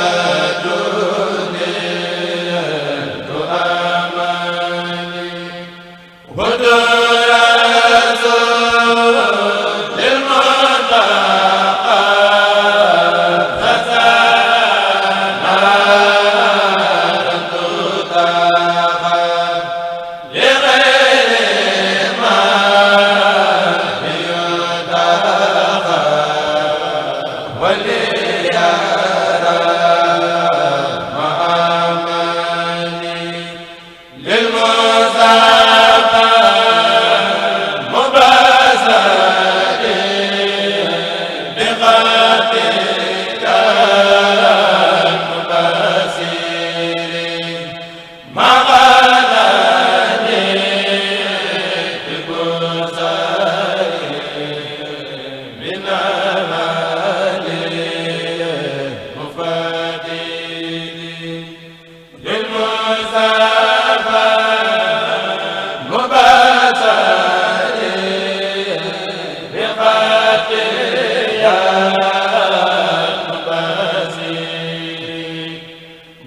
la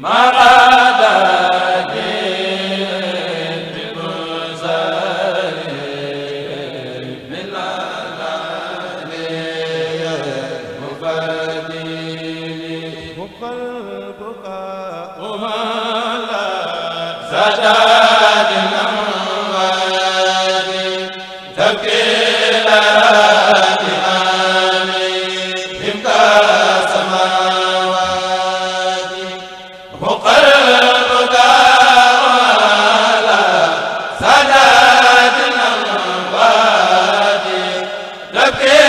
ma Rabbi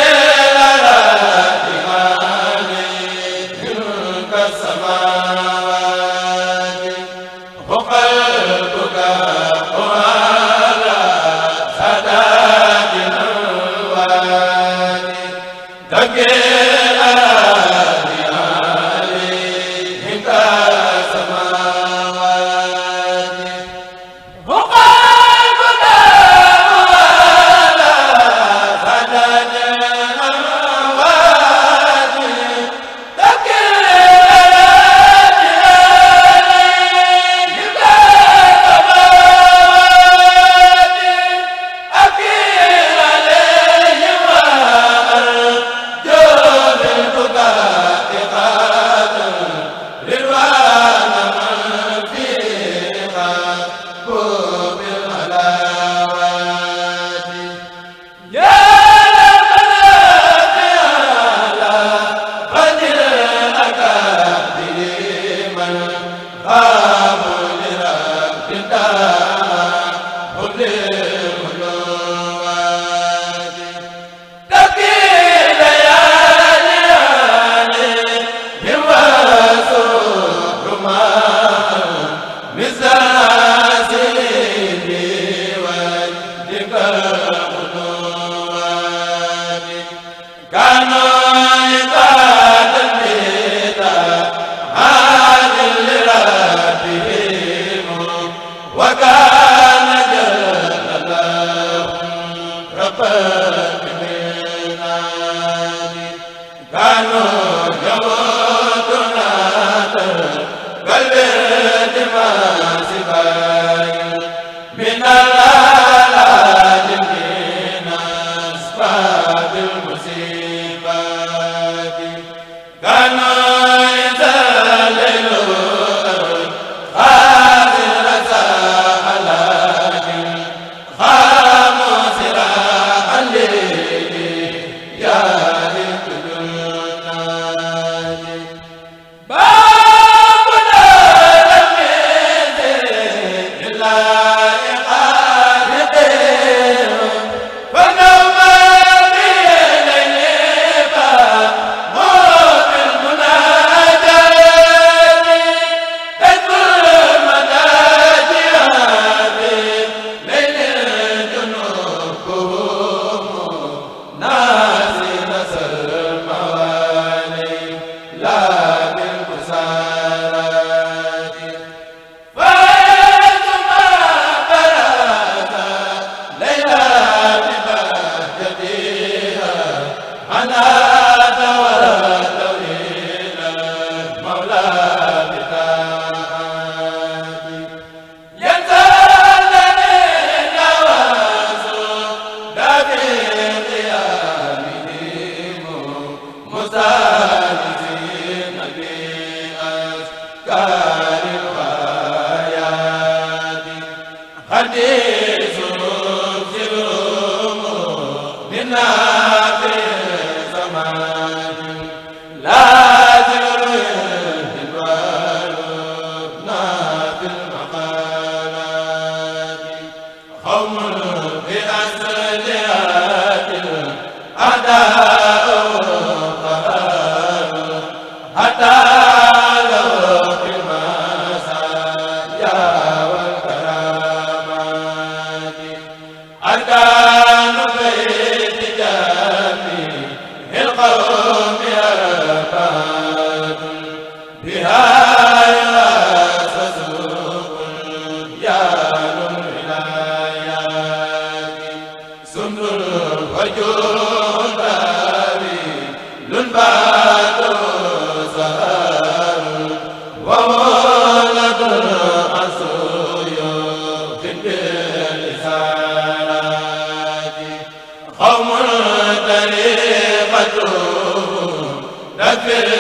Amiin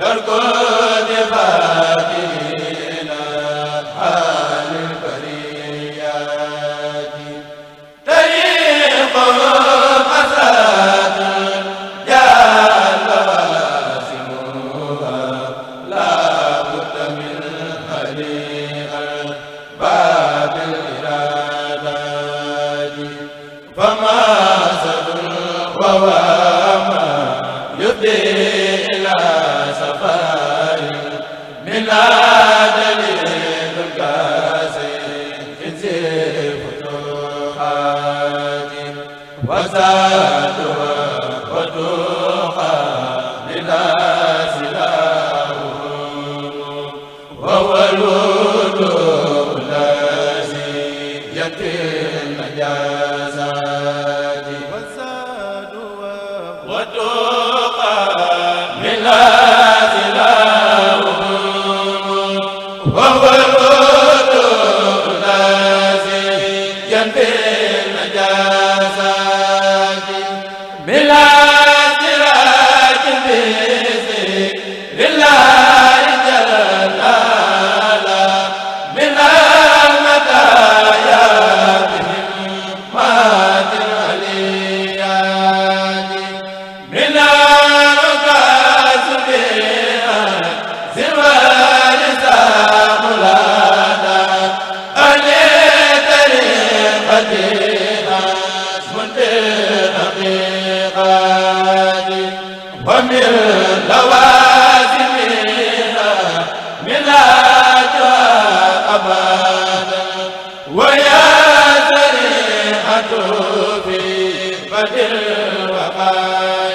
Darko Deva wa wa